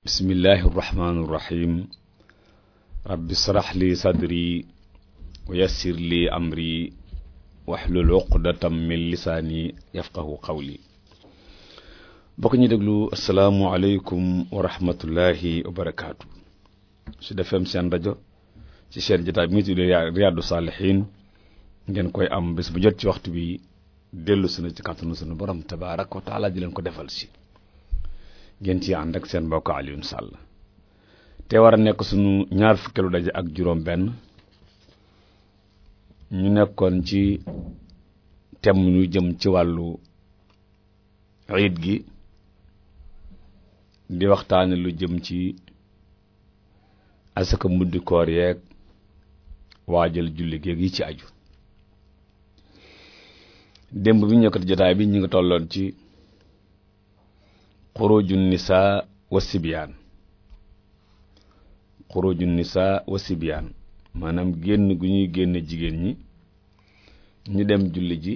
bismillahi irrahmani irrahim rabbi srax li sadri wa yassir li amri waxlul uqdatam min lisaani yafqahu qawli bokk ñu deglu asalaamualeykum wa rahmatullahi wa barakaatu su seen rajo ci seen jotaay bi ñu tuddee Riyadou Salihine ngeen koy am bés bu jot ci waxtu bi dellu sunu ci kàttanu sunu borom tabaaraka wa taala leen ko defal si ngeen ci ànd ak seen mbokk Alioune Sall te war a nekk sunu ñaar fukkeelu daje ak juróom benn ñu nekkoon ci thème ñu jëm ci wàllu iid gi di waxtaane lu jëm ci asaka muddi koor yeeg waajal julli géeg yi ci aju démb bi ñu ñëkkati jotaay bi ñu ngi tolloon ci xuruju nisaa wa sibyaan xuruju nisaa wa sibyaan maanaam génn gu ñuy génne jigéen ñi ñu dem julli ji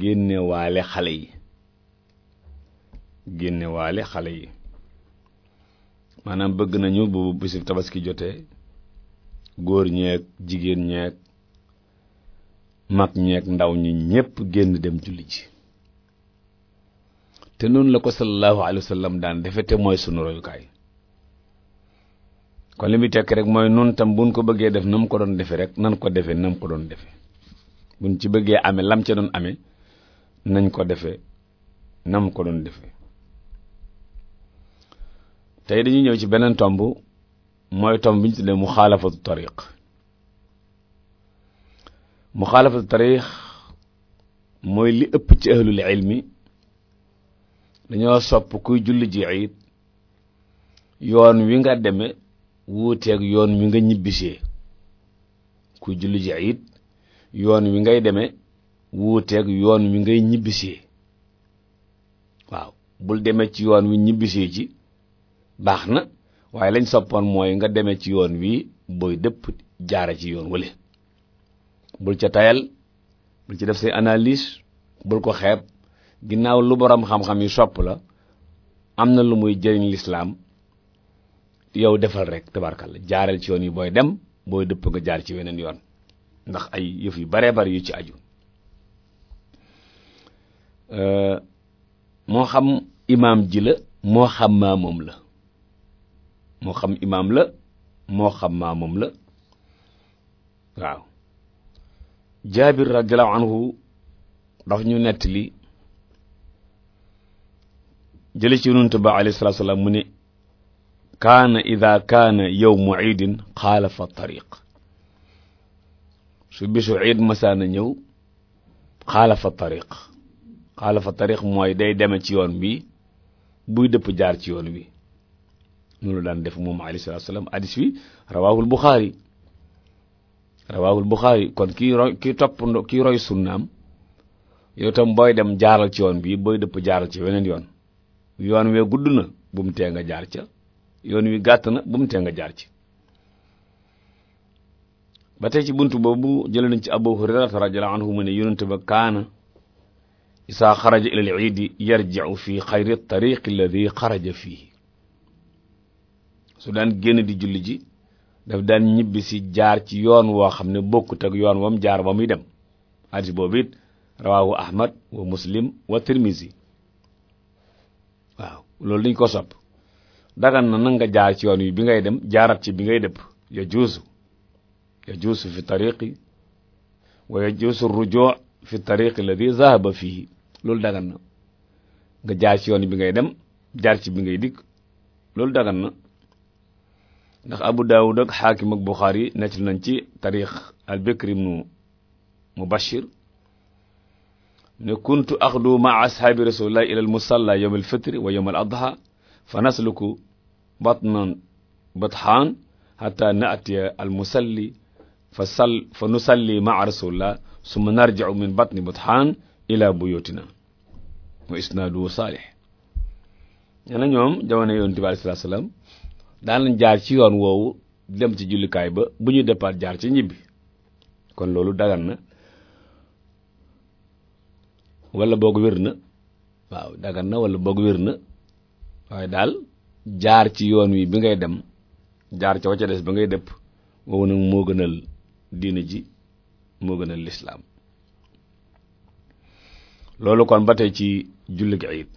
génne waale xale yi génne xale yi maanaam bëgg nañu bu bisu tabaski jotee góor ñeeg jigéen ñeeg mag ñeek ndaw ñi ñépp génn dem julli ji te noonu la ko sallallahu alayhi wa sallam daan defe te mooy sunu royukaay kon li muy tekk rek mooy nun tam buñ ko bëggee def na mu ko doon defe rek nan ko defe na ko doon defe buñ ci bëggee amee lam ca doon ame nañ ko defe na mu ko doon defe tey dañuy ñëw ci beneen tomb mooy tomb bi ñu tuddee mu xaalafatu mu xaalafatu tariq mooy li ëpp ci ahlul ilmi dañoo sopp kuy julli ji iid yoon wi nga deme wuuteeg yoon wi nga ñibbisee kuy julli ji iid yoon wi ngay deme wuuteeg yoon wi ngay ñibbisee waaw bul demee ci yoon wi ñibbisee ci baax na waaye lañ soppoon mooy nga deme ci yoon wi booy dëpp jaara ci yoon wale bul ca tayal bul ci def say analyse bul ko xeeb ginnaaw lu borom xam-xam yi sopp la am na lu muy jëriñ lislaam yow defal rek la jaareel ci yoon yi booy dem booy dëpp nga jaar ci weneen yoon ndax ay yëf yu baree bari yu ci aju moo xam imaam ji la moo xam maamoom la moo xam imaam la moo xam maamoom la waaw jaabir radiyallahu anhu daf ñu nettali jële ci yonent ba alayhi salaam mu ne kaana ida kaana yawmu iidin xaalafa tariq su bisu iid masaana ñëw xaalafa tariq xaalafa tariq mooy day deme ci yoon bi buy dëpp jaar ci yoon wi noonu daan def moom alayhi salaatu salaam hadis bi rawaahul Buxaari kon kii roy kii topp kii roy sunnaam yow tam booy dem jaaral ci yoon bi booy dëpp jaaral ci weneen yoon yoon wee gudd na bu mu tee nga jaar ca yoon wi gàtt na bu mu tee nga jaar ci ba tey ci bunt boobu jëlee nañ ci Abu Hurayrata radiyallahu anhu mu ne yonent ba kaana isaa xaraja ilal iidi yarji'u fi xayri tariqi alladi xaraja fii su daan génn di julli ji daf daan ñibbisi jaar ci yoon woo xam ne bokkut ak yoon wam jaar ba muy dem hadis boobu it rawaahu ahmad wa muslim wa tirmizi waaw loolu dañ ko sopp dagan na nag nga jaar ci yoon wi bi ngay dem jaarat ci bi ngay dëpp ya juusu ya juusu fi tariqi wa ya juusu rujuu fi tariqi alladi zahaba fii loolu dagan na nga jaar ci yoon yi bi ngay dem jaar ci bi ngay dikk loolu dagan na ndax abu daawud ak xaakim ak buxaari yi nettal nañ ci tariix al bikr ibnu mubashir ne kuntu axdu ma ashaabi rasulillahi ila al musalla yawm al fitri wa yawm al adha fa nasluku batnan bathaan hatta naatiya al musalli fa sal fa nusalli maa rasulillah summa narji'u min batni bathaan ila buyutina wa isnaaduhu saalih nee na ñoom jamono yonent bi alayhi salaam daan lañ jaar ci yoon woowu dem ci jullikaay ba bu ñu départ jaar ci ñibbi kon loolu dagan na wala boog wér na waaw dagan na wala boog wér na waaye daal jaar ci yoon wi bi ngay dem jaar ca wacca des ba ngay dëpp woowu nag moo gënal diine ji moo gënal lislaam loolu kon ba tey ci julli gi iid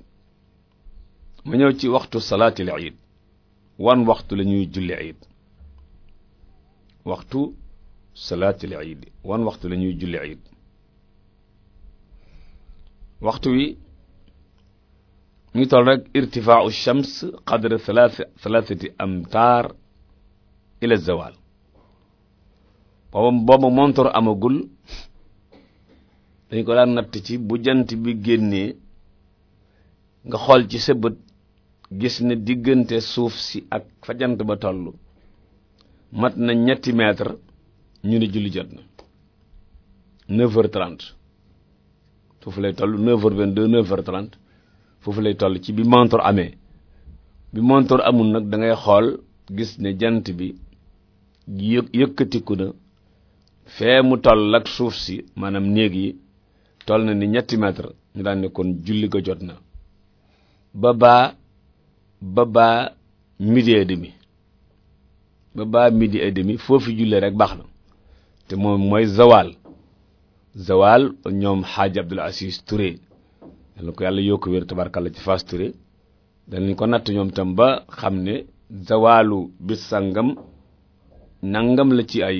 mu ñëw ci waxtu salaatil iid wan waxtu lañuy ñuy julli iid waxtu salaatil iid wan waxtu lañuy ñuy julli iid waxtu wi mu ngi toll rekk irtifaau shams qadre thalaath thalaathati amtaar ila zawal boobu boobu montor amagul dañ ko daan natt ci bu jant bi génnee nga xool ci sa bët gis ne diggante suuf si ak fa jant ba toll mat na ñetti mètre ñu ne julli jot na foofu lay toll 9h22 9h30 foofu lay toll ci bi montor amee bi montor amul nag da ngay xool gis ne jant bi yë yëkkatiku na fee mu toll ak suuf si maanaam néeg yi toll na ni ñetti mètre ñu daan ne kon julli ko jot na ba baa ba baa midi et demi baa midi et foofu jullee rek baax na te moom mooy zawal zawal ñoom xaaji Abdul Aziz ture yàlla ko yàlla yokk wér tabarkàlla ci Fass Touré danañ ko natt ñoom tam ba xam ne zawalu bis sangam nangam la ci ay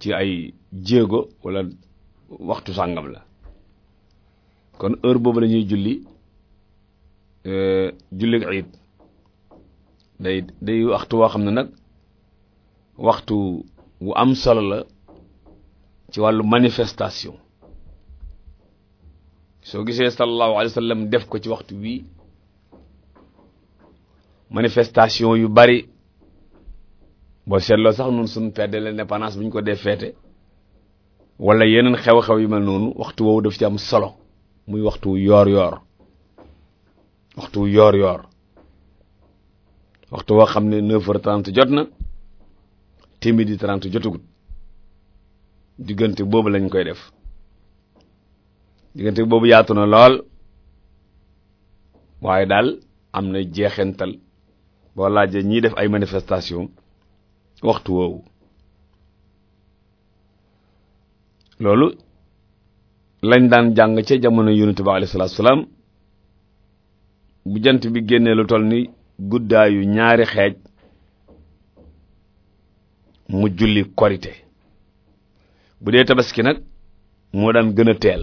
ci ay jéego walla waxtu sangam la kon heure boobu lañuy ñuy julli euh, julli iid day day waxtu woo xam ne nag waxtu wu am solo la ci wàllu manifestation soo gisee sallallahu alayhi wa sallam def ko ci waxtu wi manifestation yu bari boo seetloo sax nun suñu fête de l'indépendance bu ñu ko dee feete walla yeneen xew-xew yu mel noonu waxtu woowu def ci am solo muy waxtu yoor-yoor waxtu yoor-yoor waxtu woo xam ne 9h30 jot na timidi 30 jotagut diggante boobu lañ koy def diggante boobu yaatu na lool waaye daal am na jeexental boo laajee ñiy def ay manifestation waxtu woowu loolu lañ daan jàng ca jamono yonent bi alayhi salaatu salaam bu jant bi génnee lu toll ni guddaayu ñaari xeej mu julli korite bu dee tabaski nag moo daan gën a teel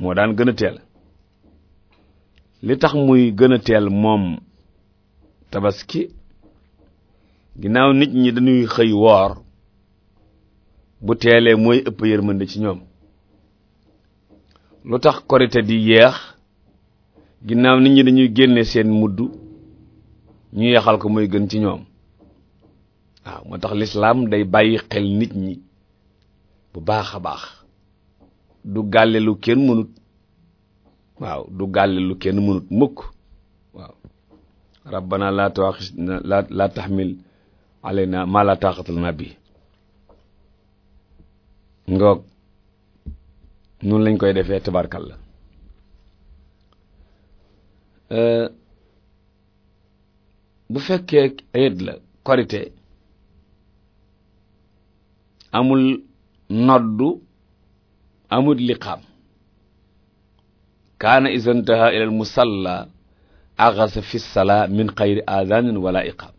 moo daan gën a teel li tax muy gën a teel moom tabaski ginnaaw nit ñi dañuy xëy woor bu teelee mooy ëpp yërmande ci ñoom lu tax korite di yeex ginnaaw nit ñi dañuy génne seen mudd ñu yeexal ko mooy gën ci ñoom waaw moo tax lislaam day bàyyi xel nit ñi bu baax a baax du gàlle lu kenn mënut waaw du gàlle lu kenn mënut mukk rabbana la tuaxisna la bi ngoog noonu lañ koy defee la euh, bu fekkee ayet la korite amul noddu amul liqaam kaana isantaha ilal musalla axasa fi salaa min xayri aadanin wala iqaam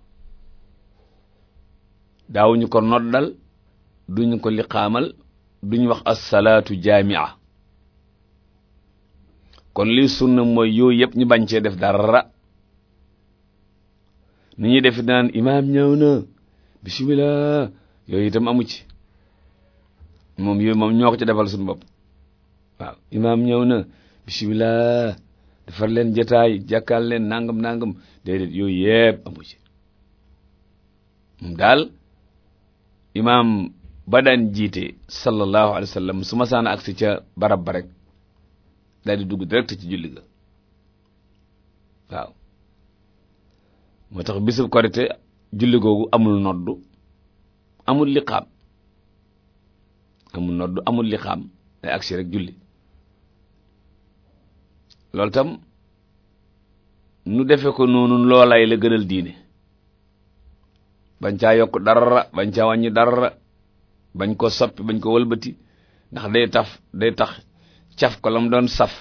daawuñu ko noddal duñu ko liqaamal duñ wax assalaatu jaamia kon liy sunna mooy yooyu yëpp ñu bañ cee def dara ni ñuy def naan imaam ñëw na bismillah yooyu itam amu ci moom yooyu moom ñoo ko ci defal suñu bopp waaw imaam ñëw na bisimilah defar leen jataay jàkkaal leen nangam nangam déedéet yooyu yëpp amu ci moom daal imaam ba jiite sallallahu alayhi wa sallam su ma saan agsi ca barab ba rek di dugg direct ci julli ga waaw moo tax bisub korite julli googu amul noddu amul liqaam amul nodd amul lixaam day agsi rek julli loolu tam nu defe ko noonu loolay la gënal diine bañ caa yokk dara bañ caa wàññi dara bañ ko sappi bañ ko walbati ndax day taf day tax caf ko lam doon saf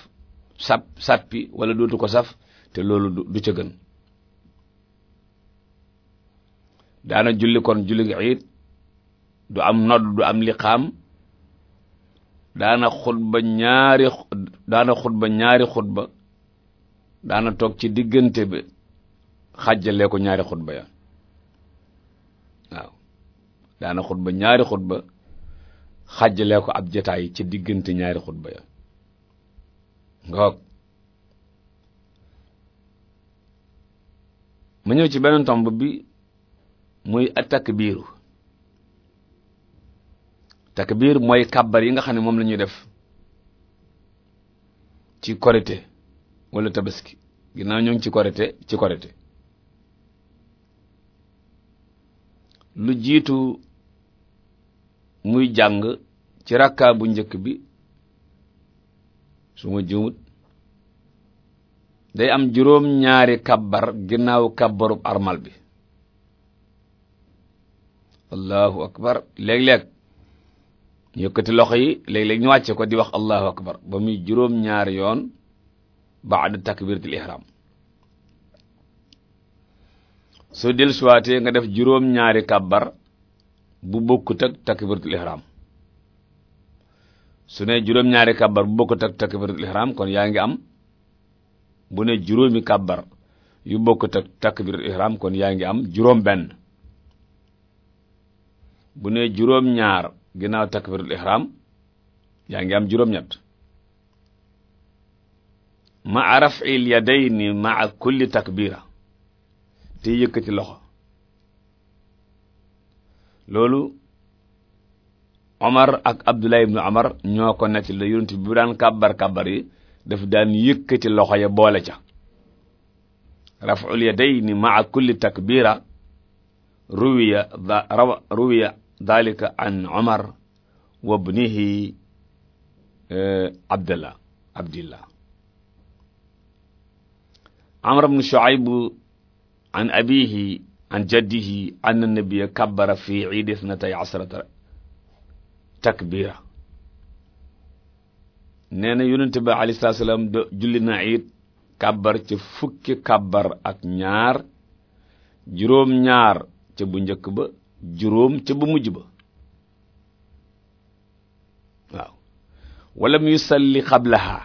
sap sappi wala dootu ko saf te loolu du ca gën daana julli kon julli gi iit du am nodd du am liqaam daana xutba ñaari daana xutba ñaari daana toog ci diggante bi xàjjalee ko ñaari xutba ya waaw daana xutba ñaari xutba xàjjalee ko ab jataay ci diggante ñaari xutba ya ngoog ma ñëw ci beneen tomb bi muy attakbiiru takbir mooy kàbbar yi nga xam ne moom lañuy def ci korite walla tabaski ginnaaw ñu ngi ci korite ci korite lu jiitu muy jàng ci rakka bu njëkk bi suma ma day am juróom ñaari kabbar ginnaaw kabbarub armal bi allahu akbar léeg-léeg yëkkati loxo yi léeg-léeg ñu wàcce ko di wax allahu akbar ba muy juróom-ñaari yoon ba'da takbiratul ihram soo del suwaatee nga def juróom-ñaari kàbbar bu bokkut takbiratul ihram su ne juróom-ñaari bu bokkut ak takbiratul ihram kon yaa ngi am bu ne juróomi kàbbar yu bokkut ak takbiratul ihram kon yaa ngi am juróom benn bu ne juróom ñaar ginnaaw takbiratul ihram yaa ngi am juróom-ñett ma raf'il yadayni ma kulli takbira te yëkkati loxo loolu Omar ak Abdullah ibn Omar ñoo ko nekk la yonent bi daan kàbbar kàbbar yi daf daan yëkkati loxo ya boole ca raf'ul yadayni ma kulli takbira ruwiya ruwiya dalika an Umar wa ibnihi e, Abdallah Abdillah Amr ibn Shu'ayb an abihi an jaddihi anna nabiyya kabbara fi iidi ithnatay ashrata takbira nee na yonente ba alayhi salaatu salaam da julli na iid kabbar ca fukki kabbar ak ñaar juróom-ñaar ca bu njëkk ba juróom ca bu mujj ba waaw wala mu xabla xablaha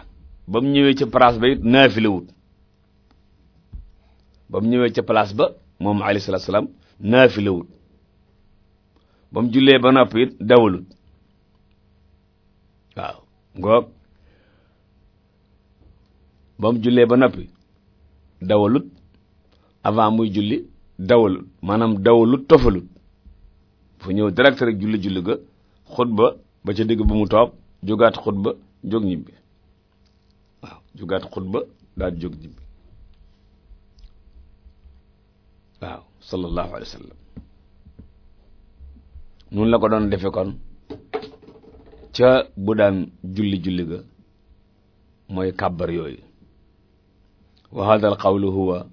ba mu ñëwee ca place ba it naafila wut ba mu ñëwee ca place ba moom alayhi salaatu salaam naafila wut ba mu jullee ba noppi it dawalut waaw ba noppi dawalut avant muy julli dawalut maanaam dawalut tofalut dafa ñëw direct rek julli julli ga xutba ba ca digg ba mu toog jógaat xutba jóg ñibbi waaw jógaat xutba daal jóg ñibbi waaw sallallahu alayhi wa sallam la ko doon defe kon ca bu daan julli julli ga mooy kàbbar yooyu wa hadha al qawlu huwa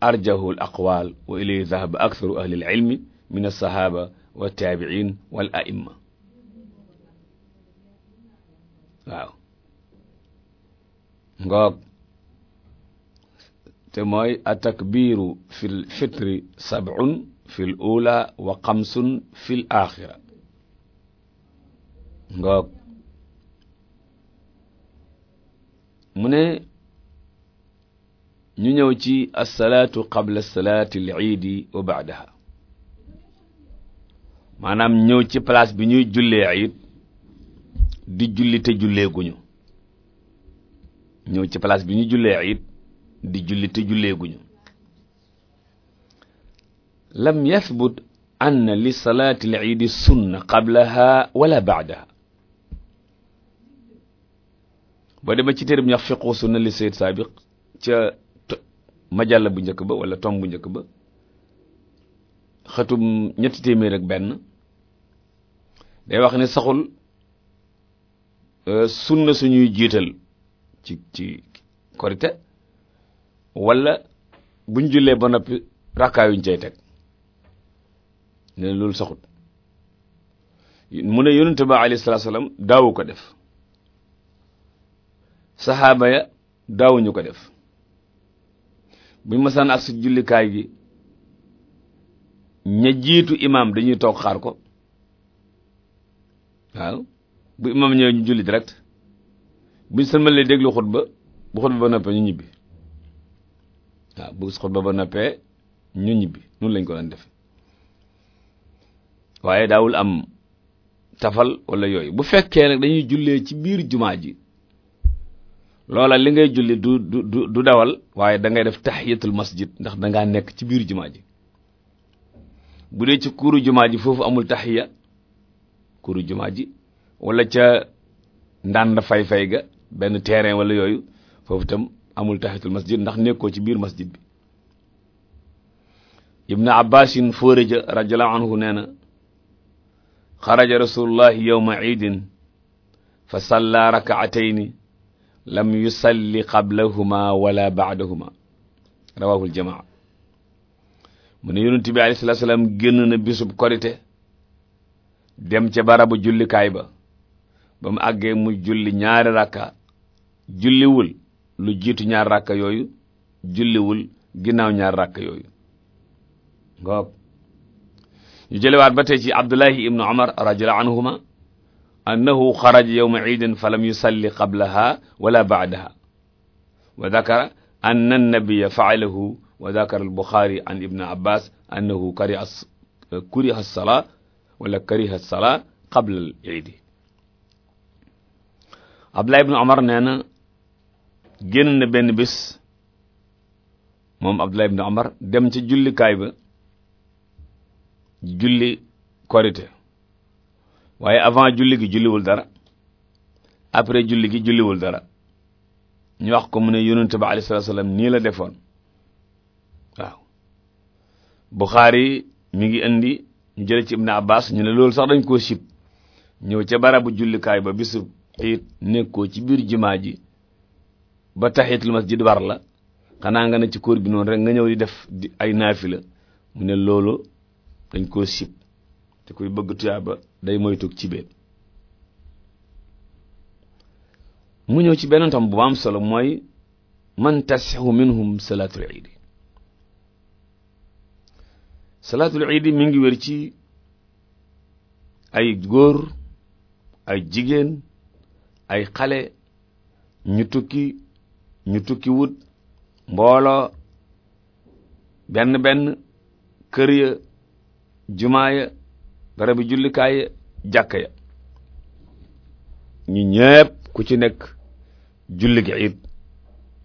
arjahu al aqwaal wa ilayhi dhahaba aktharu ahli al ilmi min as-sahaba wa taabi'in wal a'imma waaw ngoog te mooy at-takbiru fil fitri sab'un fil ula wa xamsun fil axira ngoog mu ne ñu ñëw ci assalaatu qabla salaati al iidi wa maanaam ñëw ci place bi ñuy jullee iid di julli te jullee guñu ñëw ci place bi ñuy jullee iid di julli te jullee guñu lam yathbut anna li salaati al iidi sunna wala baadaha boo ci téere bi ñu wax fiqhu sunna li sayyid saabiq ca majalla bu njëkk ba wala tom bu njëkk ba xëtum ñetti téeméer ak benn day wax ne saxul euh, sunna suñuy jiital ci ci korite wala buñ jullee ba noppi rakkaa yuñ cay teg loolu saxut mu ne yonente ba alayhi salaam daawu ko def saxaaba ya daawuñu ko def buñ mësaan ak si jullikaay gi ña jiitu imaam dañuy toog xaar ko waaw bu imaam ñëwee ñu julli direct buñ sëlmalee déglu xutba bu xutba ba noppee ñu ñibbi waaw bu xutba ba noppee ñu ñibbi noonu lañ ko daan def waaye daawul am tafal wala yooyu bu fekkee nag dañuy jullee ci biir jumaa ji loola li ngay julli du du du dawal waaye da ngay def tahiyatul masjid ndax da nekk ci biir jumaa ji bu dee ci kuuru jumaa ji foofu amul tahiya kuuru jumaa ji walla ca ndànd fay-fay ga benn terrain wala yooyu foofu itam amul tahiyatul masjid ndax nekkoo ci biir masjid bi ibnu abbasin fóoreja radiyallahu anhu nee na xaraja rasulullahi yawma iidin fa salla rakaatayni lam yusalli qablahuma wala baadahuma rawahul jamaa mu ne yonent bi alayhi salaatu salaam génn na bisub korite dem ca barabu jullikaay ba ba mu àggee mu julli ñaari rakka julliwul lu jiitu ñaar rakka yooyu julliwul ginnaaw ñaar rakka yooyu ngoog ñu jëlewaat ba tey ci abdullahi ibnu umar radiyallahu anhuma annahu xaraja yowma ciidin falam yusalli qablaha wala bacdaha wa dakara anna annabiya faalahu wa dakara albuxaari an ibni abbas annahu kariha kuriha alsalaa wala kariha alsalaa qabla al iidi abdullah ibnu omar nee na génn na benn bis moom abdullah ibnu omar dem ci jullikaay ba julli korite waaye avant julli gi julliwul dara après julli gi julliwul dara ñu wax ko mu ne yonent ba alayhi salaam nii la defoon waaw Buxaari mi ngi indi ñu jële ci Ibn Abbas ñu ne loolu sax dañ koo sib ñëw ca barabu jullikaay ba bisu xiit nekkoo ci biir jumaa ji ba tahiyatul masjid war la xanaa nga ne ci kóor bi noonu rek nga ñëw di def ay naafila mu ne loolu dañ koo sib te kuy bëgg tuyaaba day moytu ci beet mu ñëw ci beneen tam bu am solo mooy man tasixu minhum salaatul iidi salaatul iidi mi ngi wér ci ay góor ay jigéen ay xale ñu tukki ñu tukki wut mbooloo benn benn kër ya jumaa ya garabi jullikaay jàkka ya ñu ñépp ku ci nekk julli gi it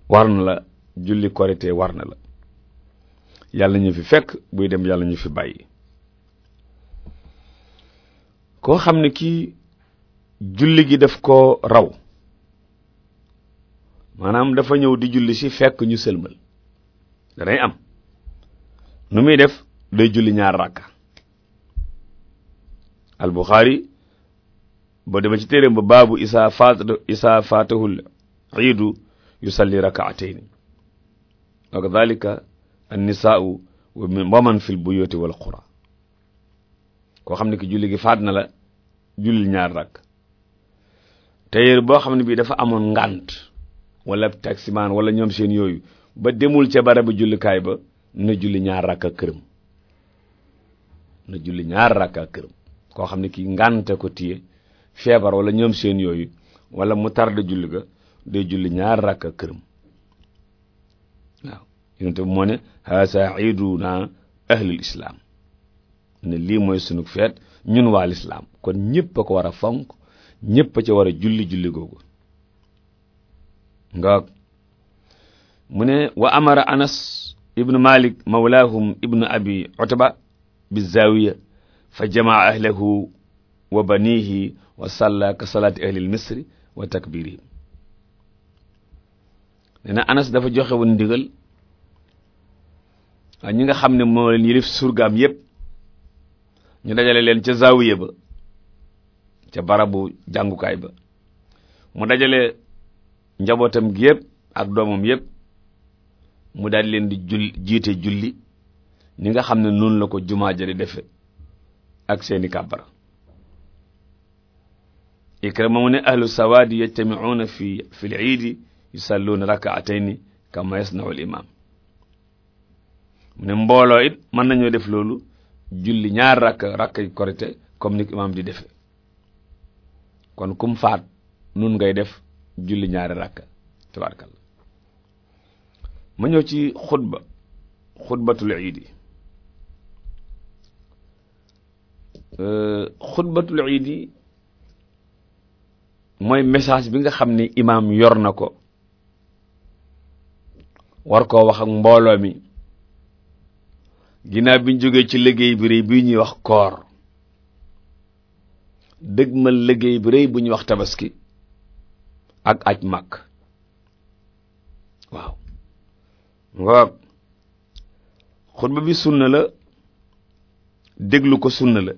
war la julli korité war na la yàlla ñu fi fekk buy dem yàlla ñu fi bàyyi koo xam ne kii julli gi daf ko raw maanaam dafa ñëw di julli si fekk ñu sëlmal danay am nu muy def day julli ñaar rakka al boo ba ci téeréem ba baabu isaa faat isaa faatahul iidu yusalli rakaatayn wa kadalika annisaau wa man fi l buyuti wal koo xam ne ki julli gi faat na la jullil ñaar rakk teyéer boo xam ne bii dafa amoon ngànt wala taximaan wala ñoom seen yooyu ba demul ca barabu jullikaay ba na julli ñaar rakk ak këram na julli ñaar rakk këram koo xam ne kii ngànte ko téye feebar wala ñoom seen yooyu wala mu tarde julli ga day julli ñaar rakk ak këram waaw yonent bi moo ne haasa iiduna ahlul islaam ne lii mooy sunu feet ñun waa lislaam kon ñëpp ko war a fonk ñëpp a ca war a julli-julli googu mu ne wa amara anas ibnu malik mawlaahum ibnu abi utba bi zaawiya fa jamaa ahlahu wa banihi wa salla salaati ahlil misri wa takbirihim nee na anas dafa joxe woon ndigal waaw ñi nga xam ne moo leen yilif surgaam yépp ñu dajale leen ca zaawiya ba ca barabu jàngukaay ba mu dajale njabootam gi yépp ak doomam yépp mu daal leen di jul jiite julli ñi nga xam ne noonu la ko jumaa ja di defe ak seeni kàbbar ikrama mu ne ahlu sawaadi yajtamicuuna fi fi l iidi yusalluuna rakaatayni kama yasnacu al imaam mu ne mbooloo it mën nañoo def loolu julli ñaar rakk rakk korite comme nik imaam di defe kon kum faat nun ngay def julli ñaari rakk tabaarkalla ma ñëw ci xutba xutbatul iidi Euh, xutbatul iid yi mooy message bi nga xam ni imaam yor na ko war koo wax ak mbooloo mi ginnaaw bi ñu jógee ci liggéey bi rëy bi ñuy wax koor dëgg ma liggéey bi rëy bu ñuy wax tabaski ak aj màkk waaw xutba bi sunna la déglu ko sunna la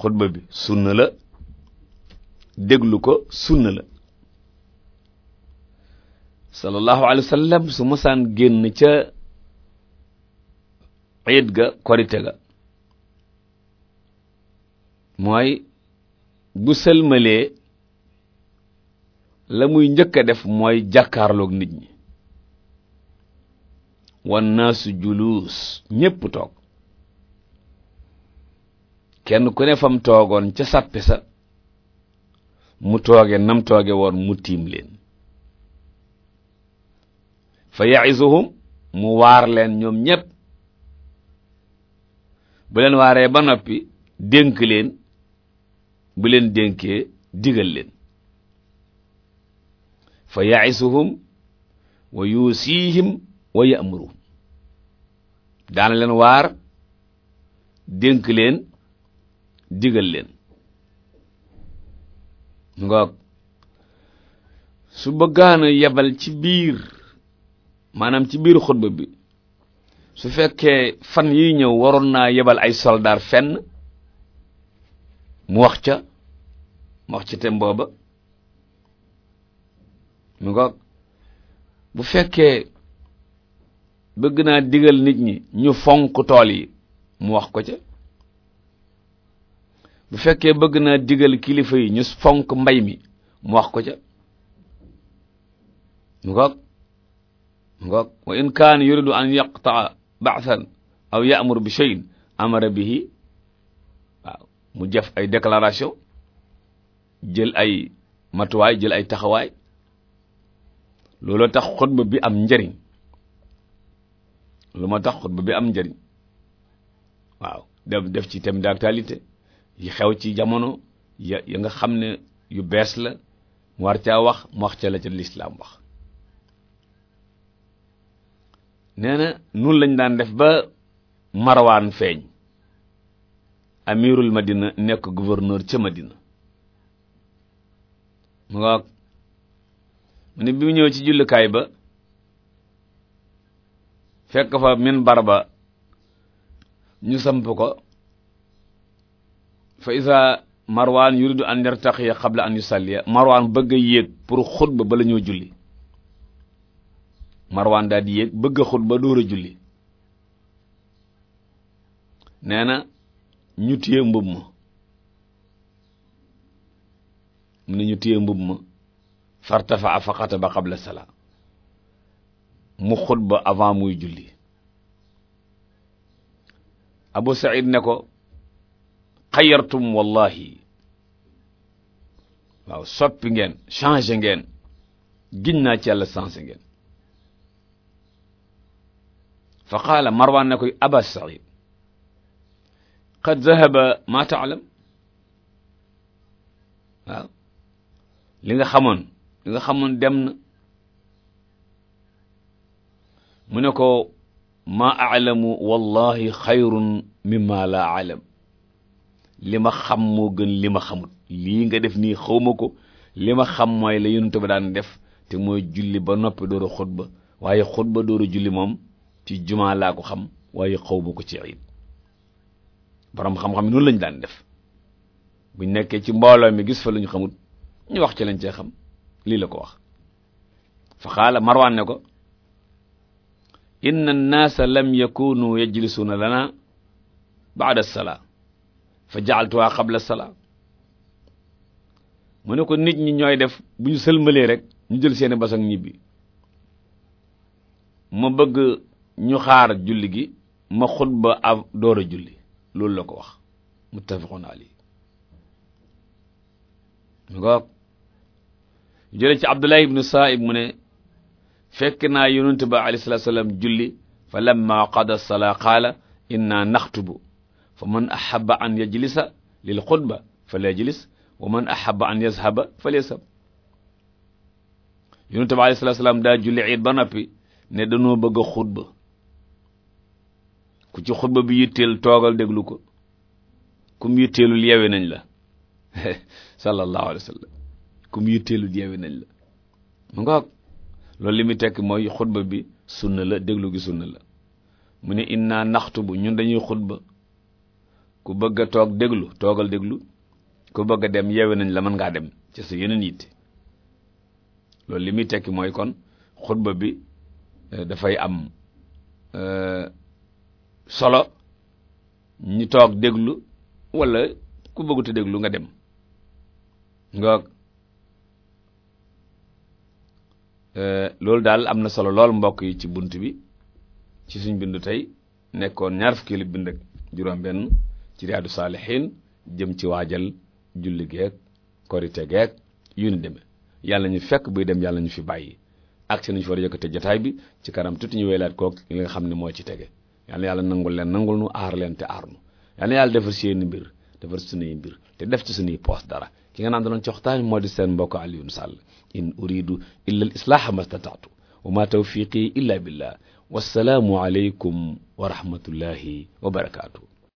xutba bi sunna la déglu ko sunna la sallallahu alayhi wa su masaan génn ca iid ga korite ga mooy bu sëlmalee la muy njëkk a def mooy jàkkaarlook nit ñi wan naasu juluus ñépp toog kenn ku ne fam toogoon ca sàppe sa mu tooge nam tooge woon mu tiim leen fa yaisuhum mu waar leen ñoom ñépp bu leen waaree ba noppi dénk leen bu leen dénkee digal leen fa yaisuhum wa yusiihim wa ya'muruhum daana leen waar dénk leen digal leen ngoog su bëggaana yebal ci biir maanaam ci biir xutba bi su fekkee fan yi ñëw waroon naa yebal ay soldaar fenn mu wax ca mu wax ci tem booba mu ngoog bu fekkee bëgg naa digal nit ñi ñu fonk tool yi mu wax ko ca bu fekkee bëgg na digal kilifa yi ñus fonk mbay mi mu wax ko ca mu ngoog mu ngoog wa in kaan yuridu an yaqtaa ba'san aw ya'mur bi shay'in amara bihi mu jef ay déclaration jël ay matuwaay jël ay taxawaay looloo tax xutba bi am njariñ lu ma tax xutba bi am njariñ waaw def def ci thème d'actualité yi xew ci jamono ya ya nga xam ne yu bees la mu war caa wax mu wax ca la ca lislaam wax nee na nun lañ daan def ba marwaan feeñ amirul madina nekk gouverneur ca madina mu nga mu ne bi mu ñëw ci jullukaay ba fekk fa min barba ñu samp ko fa isa marwan yuridu an yartaqiya qabla an yusalliya marwan bëgg a yéeg pour xutba ba la ñoo julli marwan daal di yéeg bëgg a xutba dóor a julli nee na ñu téye mbub ma mu ne ñu téye mbub ma fartafaa fa xataba qabla salaa mu xutba avant muy julli Abu Saïd ne ko xayartum wallahi waaw soppi ngeen changé ngeen giñ naa ci yàlla changé ngeen fa qaala marwan ne koy aba said qad zahaba ma taalam waaw li nga xamoon li nga xamoon dem na mu ne ko ma alamu wallahi xayrun mimma la alam li ma xam moo gën li ma xamut lii nga def nii xawma ko li ma xam mooy la yonent ba daan def te mooy julli ba noppi door a xutba waaye xutba door a julli moom ci jumaa laa ko xam waaye xawma ko ci iid boroom xam-xam yi noonu lañu daan def buñ nekkee ci mbooloo mi gis fa lu xamut ñu wax ci lañ cee xam lii la ko wax fa xaala marwaan ne ko inna annaasa lam yakunu yajlisuuna lana baada salaa fa jaaltuwaa xabla salaam mu ne ko nit ñi ñooy def bu ñu sëlmalee rek ñu jël seeni basan ñibbi ma bëgg ñu xaar julli gi ma xutba ab door julli loolu la ko wax muttafaqun alayhi mu nga jële ci Abdullah ibnu Saa'ib mu ne fekk naa yonent ba alayhi salaatu wa salaam julli fa lamma qada salaa qaala inna naxtubu fa man ahabba an yajlisa lil xutba fa la yajlis wa man ahabba an yazhaba fa la yazhab yonent bi alayhi salaatu salaam daa julli iid ba noppi ne dañoo bëgg a xutba ku ci xutba bi yitteel toogal déglu ko kum yitteelul yewe nañ la sallallahu alayhi wa sallam kum yitteelul yewe nañ la mu ngoog loolu li muy tekk mooy xutba bi sunna la déglu gi sunna la mu ne inna naxtubu ñun dañuy xutba ku bëgg toog déglu toogal déglu ku bëgg a dem yewe nañ la mën ngaa dem ci sa yeneen yitte loolu li muy tekki mooy kon xutba bi eh, dafay am eh, solo ñu toog déglu wala ku bëggut déglu nga dem nga eh, loolu daal am na solo lool mbokk yi ci bunt bi ci suñ bindu tey nekkoon ñaar fukki bind ak juróom benn ci riyaadu saalihiin jëm ci waajal julli geek korite geek yu ni demee yàlla ñu fekk buy dem yàlla ñu fi bàyyi ak si nañu fa war a yëkkate jotaay bi ci kanam tuuti ñu weylaat kook li nga xam ne moo ci tege yàlla yàlla nangul leen nangul nu aar leen te aar nu yàlla yàlla defar seeni mbir defar suñuy mbir te def ci suñuy poos dara ki nga naan daloon ci waxtaan moo di seen mbokk Alioune Sall in uridu illa al islaaha mastata'tu wa ma tawfiqi illa billah wassalaamu aleykum wa rahmatullahi wa barakaatu